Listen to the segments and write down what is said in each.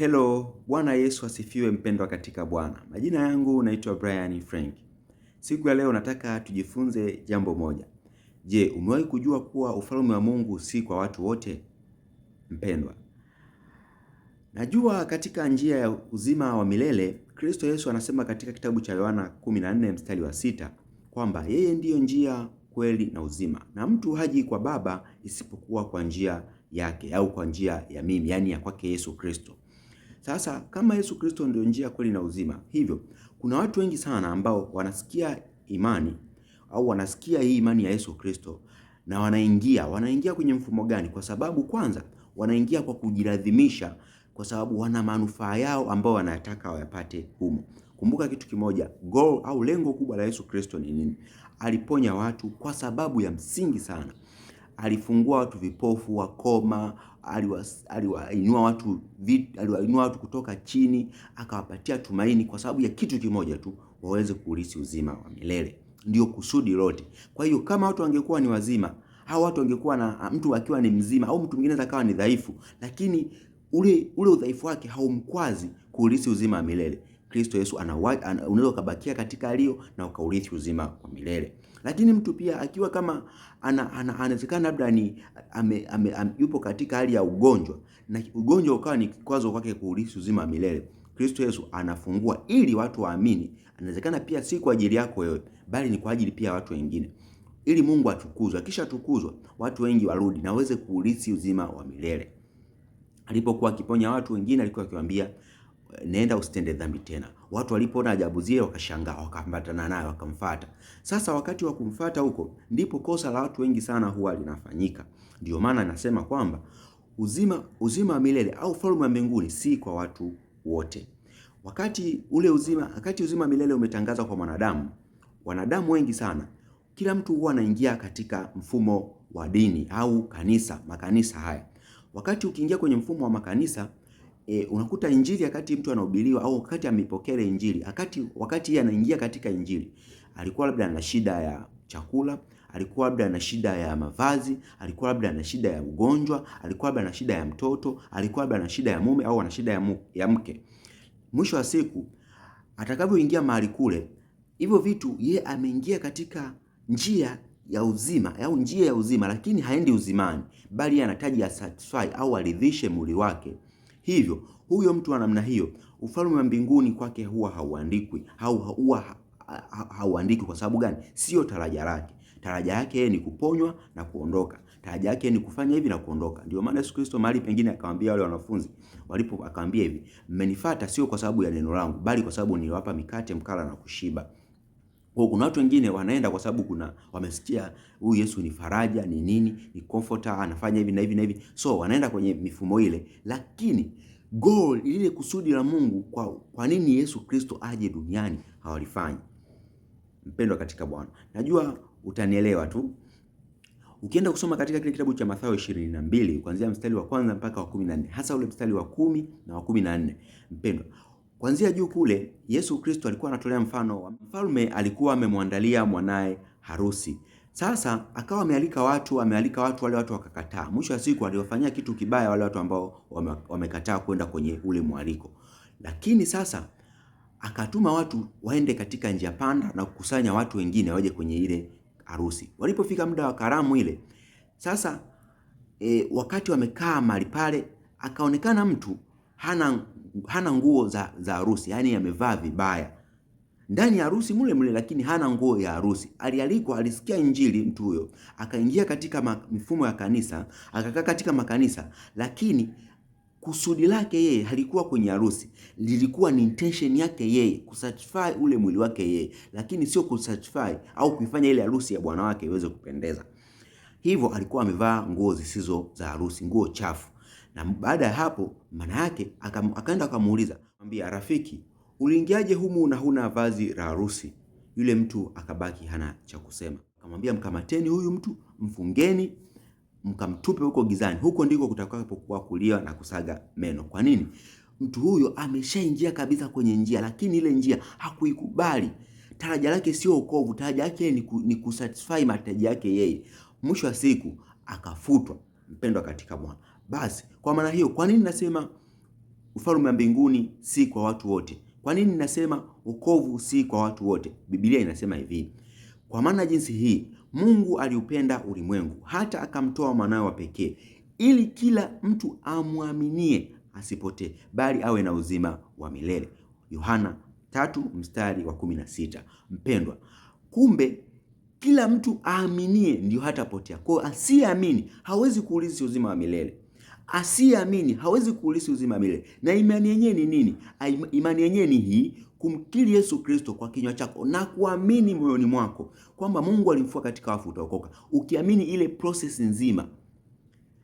Hello, Bwana Yesu asifiwe mpendwa katika Bwana. Majina yangu naitwa Brian Frank. Siku ya leo nataka tujifunze jambo moja. Je, umewahi kujua kuwa ufalme wa Mungu si kwa watu wote? Mpendwa, najua katika njia ya uzima wa milele Kristo Yesu anasema katika kitabu cha Yohana 14 mstari wa sita kwamba yeye ndiyo njia, kweli na uzima, na mtu haji kwa Baba isipokuwa kwa njia yake au kwa njia ya mimi, yani ya kwake Yesu Kristo. Sasa kama Yesu Kristo ndio njia, kweli na uzima, hivyo kuna watu wengi sana ambao wanasikia imani au wanasikia hii imani ya Yesu Kristo na wanaingia wanaingia kwenye mfumo gani? Kwa sababu kwanza wanaingia kwa kujiradhimisha, kwa sababu wana manufaa yao ambao wanataka wayapate humo. Kumbuka kitu kimoja, goal au lengo kubwa la Yesu Kristo ni nini? Aliponya watu kwa sababu ya msingi sana, alifungua watu vipofu, wakoma aliwainua watu, aliwainua watu kutoka chini, akawapatia tumaini kwa sababu ya kitu kimoja tu, waweze kuurithi uzima wa milele. Ndio kusudi lote. Kwa hiyo kama watu wangekuwa ni wazima au watu wangekuwa na mtu akiwa ni mzima au mtu mwingine akawa ni dhaifu, lakini ule ule udhaifu wake haumkwazi kuurithi uzima wa milele. Kristo Yesu unaweza ukabakia katika alio na ukaurithi uzima wa milele. Lakini mtu pia akiwa kama anawezekana labda ni ame, ame, ame, yupo katika hali ya ugonjwa na ugonjwa ukawa ni kikwazo kwake kuurithi uzima wa milele, Kristo Yesu anafungua ili watu waamini. Anawezekana pia si kwa ajili yako wewe, bali ni kwa ajili pia watu wengine, ili Mungu atukuzwe, akisha tukuzwa watu wengi warudi na waweze kuurithi uzima wa milele. Alipokuwa akiponya watu wengine, alikuwa akiwaambia nenda usitende dhambi tena. Watu walipoona ajabu zile wakashangaa, wakaambatana naye wakamfata. Sasa wakati wa kumfata huko ndipo kosa la watu wengi sana huwa linafanyika. Ndio maana anasema kwamba uzima uzima wa milele au falme ya mbinguni si kwa watu wote. Wakati ule uzima, wakati uzima milele umetangazwa kwa mwanadamu, wanadamu wengi sana, kila mtu huwa anaingia katika mfumo wa dini au kanisa, makanisa haya. Wakati ukiingia kwenye mfumo wa makanisa e, unakuta injili wakati mtu anahubiriwa au wakati amepokea injili, wakati wakati yeye anaingia katika injili alikuwa labda ana shida ya chakula, alikuwa labda ana shida ya mavazi, alikuwa labda ana shida ya ugonjwa, alikuwa labda ana shida ya mtoto, alikuwa labda ana shida ya mume au ana shida ya ya mke. Mwisho wa siku atakavyoingia mahali kule, hivyo vitu ye ameingia katika njia ya uzima au njia ya uzima, lakini haendi uzimani, bali anahitaji asatisfy au aridhishe mwili wake. Hivyo huyo mtu wa namna hiyo, ufalme wa mbinguni kwake huwa hauandikwi au huwa hauandiki. Kwa sababu gani? Sio taraja lake. Taraja yake yeye ni kuponywa na kuondoka. Taraja yake ni kufanya hivi na kuondoka. Ndio maana Yesu Kristo mahali pengine akamwambia wale wanafunzi walipo, akamwambia hivi, mmenifuata sio kwa sababu ya neno langu, bali kwa sababu niliwapa mikate mkala na kushiba. Kwa kuna watu wengine wanaenda kwa sababu kuna wamesikia huyu Yesu ni faraja, ni nini, ni comforter, anafanya hivi na hivi na hivi. So wanaenda kwenye mifumo ile, lakini goal lile kusudi la Mungu kwa, kwa nini Yesu Kristo aje duniani hawalifanyi. Mpendwa katika Bwana, najua utanielewa tu. Ukienda kusoma katika kile kitabu cha Mathayo 22 kuanzia mstari wa kwanza mpaka wa 14, hasa ule mstari wa kumi na wa 14, mpendwa Kuanzia juu kule, Yesu Kristo alikuwa anatolea mfano wa mfalme alikuwa amemwandalia mwanaye harusi. Sasa akawa amealika watu, amealika watu, wale watu wakakataa. Mwisho wa siku aliwafanyia kitu kibaya wale watu ambao wamekataa kwenda kwenye ule mwaliko, lakini sasa akatuma watu waende katika njia panda na kukusanya watu wengine waje kwenye ile harusi. Walipofika muda wa karamu ile sasa, e, wakati wamekaa mahali pale, akaonekana mtu hana hana nguo za, za harusi, yani amevaa vibaya ndani ya harusi mule mule, lakini hana nguo ya harusi. Alialikwa, alisikia injili mtu huyo, akaingia katika mifumo ya kanisa, akakaa katika makanisa, lakini kusudi lake yeye halikuwa kwenye harusi, lilikuwa ni intention yake yeye kusatisfy ule mwili wake yeye, lakini sio kusatisfy au kuifanya ile harusi ya bwana wake iweze kupendeza. Hivyo alikuwa amevaa nguo zisizo za harusi, nguo chafu. Na baada ya hapo, maana yake akaenda akamuuliza, mwambia rafiki, uliingiaje humu na huna vazi la harusi? Yule mtu akabaki hana cha kusema. Akamwambia, mkamateni huyu mtu, mfungeni, mkamtupe huko gizani, huko ndiko kutakapokuwa kulia na kusaga meno. Kwa nini? Mtu huyo ameshaingia kabisa kwenye njia, lakini ile njia hakuikubali. Taraja lake sio wokovu, taraja yake ni, ku, ni kusatisfy mahitaji yake yeye. Mwisho wa siku akafutwa, mpendwa katika Bwana. Basi kwa maana hiyo, kwa nini nasema ufalme wa mbinguni si kwa watu wote? Kwa nini nasema wokovu si kwa watu wote? Biblia inasema hivi, kwa maana jinsi hii Mungu aliupenda ulimwengu hata akamtoa mwanawe wa pekee, ili kila mtu amwaminie asipotee, bali awe na uzima wa milele. Yohana tatu mstari wa kumi na sita. Mpendwa, kumbe kila mtu aaminie ndiyo hatapotea. Kwa hiyo asiyeamini hawezi kuulizi uzima wa milele asiyeamini hawezi kuulisi uzima milele. Na imani yenyewe ni nini? Imani yenyewe ni hii, kumkiri Yesu Kristo kwa kinywa chako na kuamini moyoni mwako kwamba Mungu alimfua katika wafu, utaokoka. Ukiamini ile process nzima,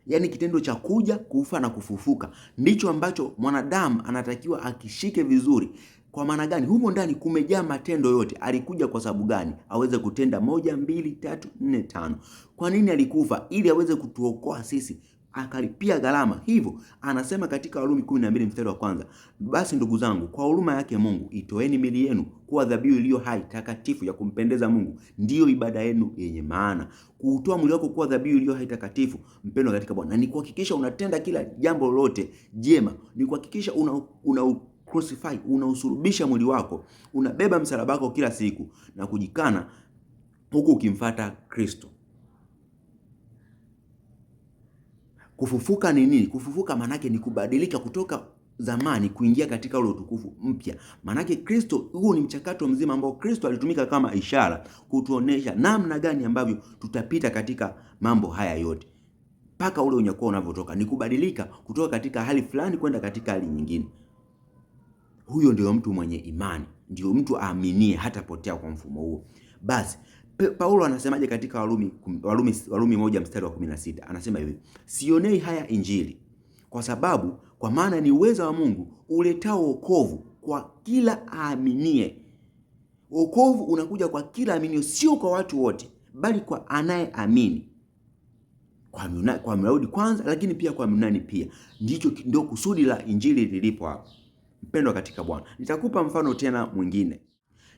yaani kitendo cha kuja, kufa na kufufuka, ndicho ambacho mwanadamu anatakiwa akishike vizuri. Kwa maana gani? Humo ndani kumejaa matendo yote. Alikuja kwa sababu gani? Aweze kutenda moja, mbili, tatu, nne, tano. Kwa nini alikufa? Ili aweze kutuokoa sisi akalipia gharama. Hivyo anasema katika Warumi 12 mstari wa kwanza, basi ndugu zangu, kwa huruma yake Mungu itoeni mili yenu kuwa dhabihu iliyo hai takatifu ya kumpendeza Mungu, ndiyo ibada yenu yenye maana. Kuutoa mwili wako kuwa dhabihu iliyo hai takatifu, mpendwa katika Bwana, ni kuhakikisha unatenda kila jambo lolote jema, ni kuhakikisha una, una crucify unausurubisha mwili wako, unabeba msalaba wako kila siku na kujikana huku ukimfata Kristo. Kufufuka ni nini? Kufufuka maanake ni kubadilika kutoka zamani kuingia katika ule utukufu mpya. Maanake Kristo, huu ni mchakato mzima ambao Kristo alitumika kama ishara kutuonesha namna gani ambavyo tutapita katika mambo haya yote mpaka ule unyakuo unavyotoka, ni kubadilika kutoka katika hali fulani kwenda katika hali nyingine. Huyo ndio mtu mwenye imani, ndio mtu aaminie hata potea kwa mfumo huo. Basi Paulo anasemaje katika Warumi, Warumi, Warumi moja mstari wa 16 anasema hivi, sionei haya Injili kwa sababu kwa maana ni uweza wa Mungu uletao wokovu kwa kila aaminie. Wokovu unakuja kwa kila aminio, sio kwa watu wote, bali kwa anayeamini kwa Myunani, kwa Myahudi kwanza, lakini pia kwa Myunani pia. Ndicho ndio kusudi la injili lilipo hapa. Mpendwa katika Bwana, nitakupa mfano tena mwingine.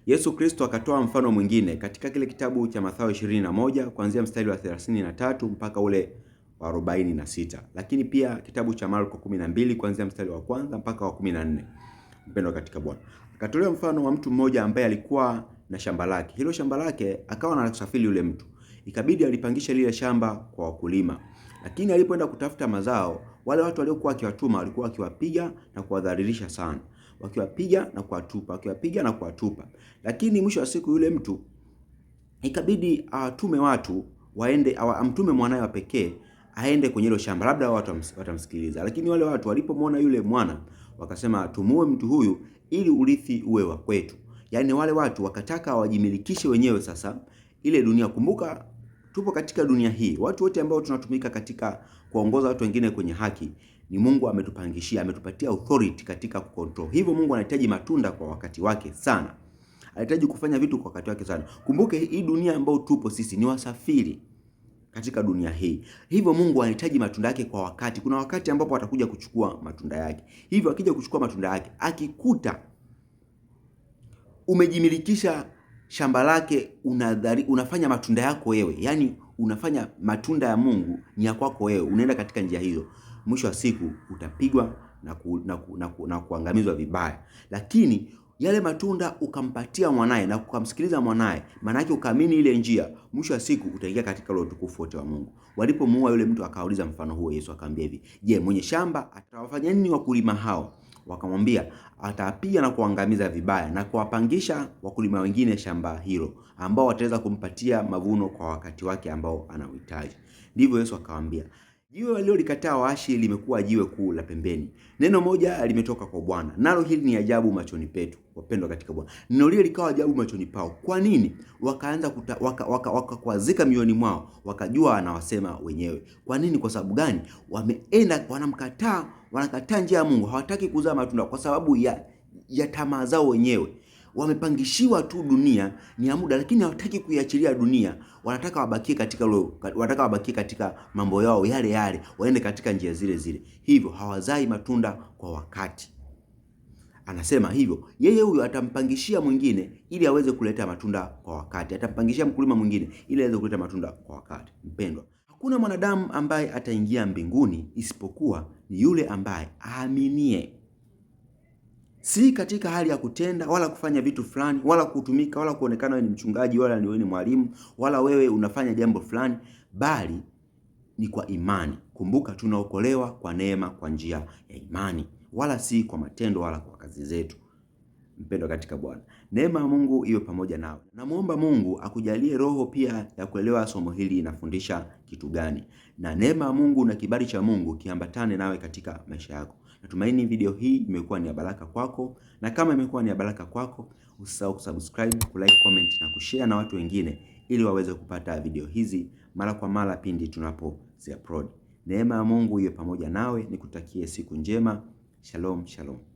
Yesu Kristo akatoa mfano mwingine katika kile kitabu cha Mathayo 21 kuanzia mstari wa 33 mpaka ule wa 46, lakini pia kitabu cha Marko 12 kuanzia mstari wa kwanza mpaka wa 14. Mpendwa katika Bwana, akatolea mfano wa mtu mmoja ambaye alikuwa na shamba lake. Hilo shamba lake akawa na kusafiri yule mtu, ikabidi alipangisha lile shamba kwa wakulima, lakini alipoenda kutafuta mazao wale watu waliokuwa wakiwatuma walikuwa wakiwapiga na kuwadhalilisha sana, wakiwapiga na kuwatupa, wakiwapiga na kuwatupa. Lakini mwisho wa siku yule mtu ikabidi awatume watu waende, amtume mwanaye wa pekee aende kwenye hilo shamba, labda watu watamsikiliza. Lakini wale watu walipomwona yule mwana wakasema, tumue mtu huyu ili urithi uwe wa kwetu. Yaani wale watu wakataka wajimilikishe wenyewe sasa ile dunia. Kumbuka tupo katika dunia hii, watu wote ambao tunatumika katika kuongoza watu wengine kwenye haki ni Mungu ametupangishia, ametupatia authority katika kukontrol. Hivyo Mungu anahitaji matunda kwa wakati wake sana, anahitaji kufanya vitu kwa wakati wake sana. Kumbuke hii dunia ambayo tupo sisi ni wasafiri katika dunia hii. Hivyo Mungu anahitaji matunda yake kwa wakati. Kuna wakati ambapo atakuja kuchukua matunda yake. Hivyo akija kuchukua matunda yake, akikuta umejimilikisha shamba lake unadhari, unafanya matunda yako wewe, yaani unafanya matunda ya Mungu ni ya kwako wewe, unaenda katika njia hiyo, mwisho wa siku utapigwa na, ku, na, ku, na, ku, na kuangamizwa vibaya. Lakini yale matunda ukampatia mwanaye na ukamsikiliza mwanaye, maana yake ukaamini ile njia, mwisho wa siku utaingia katika ule utukufu wote wa Mungu. Walipomuua yule mtu, akauliza mfano huo Yesu akamwambia hivi, je, mwenye shamba atawafanya nini wakulima hao? wakamwambia atapiga na kuangamiza vibaya na kuwapangisha wakulima wengine shamba hilo ambao wataweza kumpatia mavuno kwa wakati wake ambao anauhitaji. Ndivyo Yesu akawaambia. Jiwe waliolikataa waashi limekuwa jiwe kuu la pembeni. Neno moja limetoka kwa Bwana, nalo hili ni ajabu machoni petu, wapendwa katika Bwana. Neno lile likawa ajabu machoni pao. Kwa nini? Wakaanza wakakwazika waka, waka mioyoni mwao, wakajua anawasema wenyewe. Kwa nini? Kwa sababu gani? Wameenda wanamkataa, wanakataa njia ya Mungu, hawataki kuzaa matunda kwa sababu ya, ya tamaa zao wenyewe wamepangishiwa tu dunia ni ya muda, lakini hawataki kuiachilia dunia. Wanataka wabakie katika lo, wanataka wabakie katika mambo yao yale yale, waende katika njia zile zile, hivyo hawazai matunda kwa wakati. Anasema hivyo yeye huyo atampangishia mwingine ili aweze kuleta matunda kwa wakati, atampangishia mkulima mwingine ili aweze kuleta matunda kwa wakati. Mpendwa, hakuna mwanadamu ambaye ataingia mbinguni isipokuwa ni yule ambaye aaminie si katika hali ya kutenda wala kufanya vitu fulani wala kutumika wala kuonekana wewe ni mchungaji wala wewe ni mwalimu wala wewe unafanya jambo fulani, bali ni kwa imani. Kumbuka, tunaokolewa kwa neema kwa njia ya imani, wala si kwa matendo wala kwa kazi zetu. Mpendo katika Bwana, neema ya Mungu iwe pamoja nawe. Namwomba Mungu akujalie roho pia ya kuelewa somo hili inafundisha kitu gani, na neema ya Mungu na kibali cha Mungu kiambatane nawe katika maisha yako. Natumaini video hii imekuwa ni ya baraka kwako, na kama imekuwa ni ya baraka kwako, usisahau kusubscribe, kulike, comment na kushare na watu wengine, ili waweze kupata video hizi mara kwa mara pindi tunapozi upload. Neema ya Mungu iwe pamoja nawe, nikutakie siku njema. Shalom, shalom.